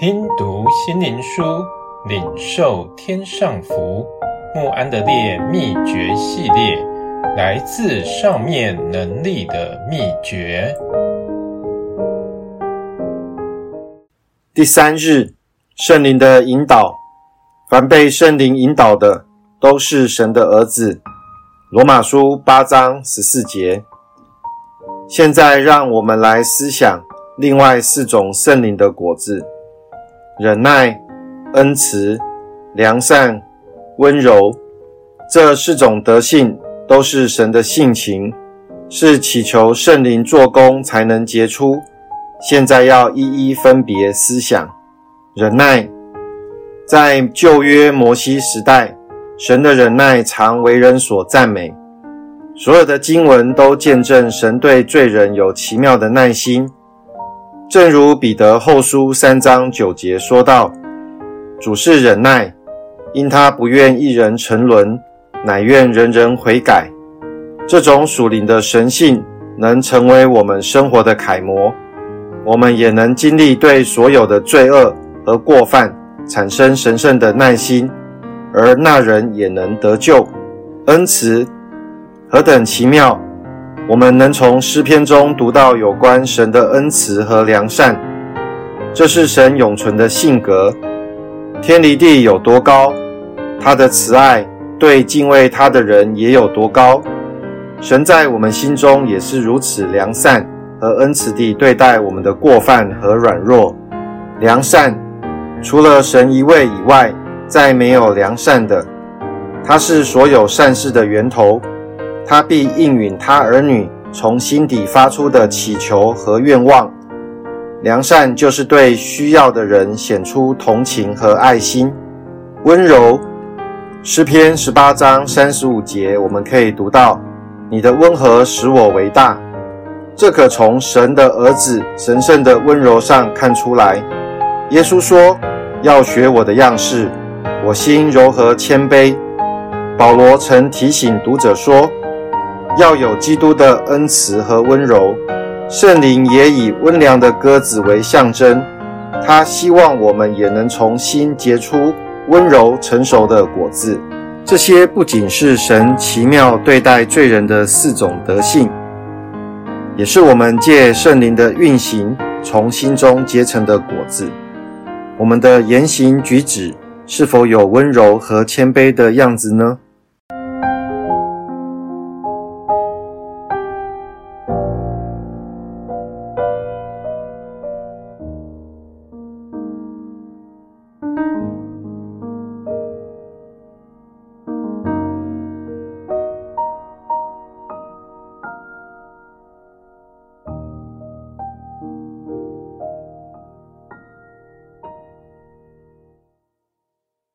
聽讀心靈書，領受天上福。慕安德烈秘訣系列，來自上面能力的秘訣。第三日，聖靈的引導。凡被聖靈引導的，都是神的兒子。羅馬書八章十四節。現在讓我們來思想另外四種聖靈的果子。忍耐、恩慈、良善、溫柔，這四種德性都是神的性情，是祈求聖靈做工才能結出。現在要一一分別思想。忍耐，在舊約摩西時代，神的忍耐常為人所讚美。所有的經文都見證神對罪人有奇妙的耐心。正如彼得後書三章九節說道：“主是忍耐，因他不願一人沉淪，乃願人人悔改。”這種屬靈的神性能成為我們生活的楷模，我們也能經歷對所有的罪惡和過犯產生神聖的耐心，而那人也能得救。恩慈何等奇妙！我們能從詩篇中讀到有關神的恩慈和良善，這是神永存的性格。天離地有多高，他的慈愛對敬畏他的人也有多高。神在我們心中也是如此良善和恩慈地對待我們的過犯和軟弱。良善，除了神一位以外，再沒有良善的。他是所有善事的源頭。他必應允他兒女從心底發出的祈求和願望。良善就是對需要的人顯出同情和愛心。溫柔，詩篇十八章三十五節，我們可以讀到：“你的溫和使我為大。”這可從神的兒子神聖的溫柔上看出來。耶穌說：“要學我的樣式，我心柔和謙卑。”保羅曾提醒讀者說。要有基督的恩慈和溫柔，聖靈也以溫良的鴿子為象徵。他希望我們也能從心結出溫柔成熟的果子。這些不僅是神奇妙對待罪人的四種德性，也是我們借聖靈的運行從心中結成的果子。我們的言行舉止是否有溫柔和謙卑的樣子呢？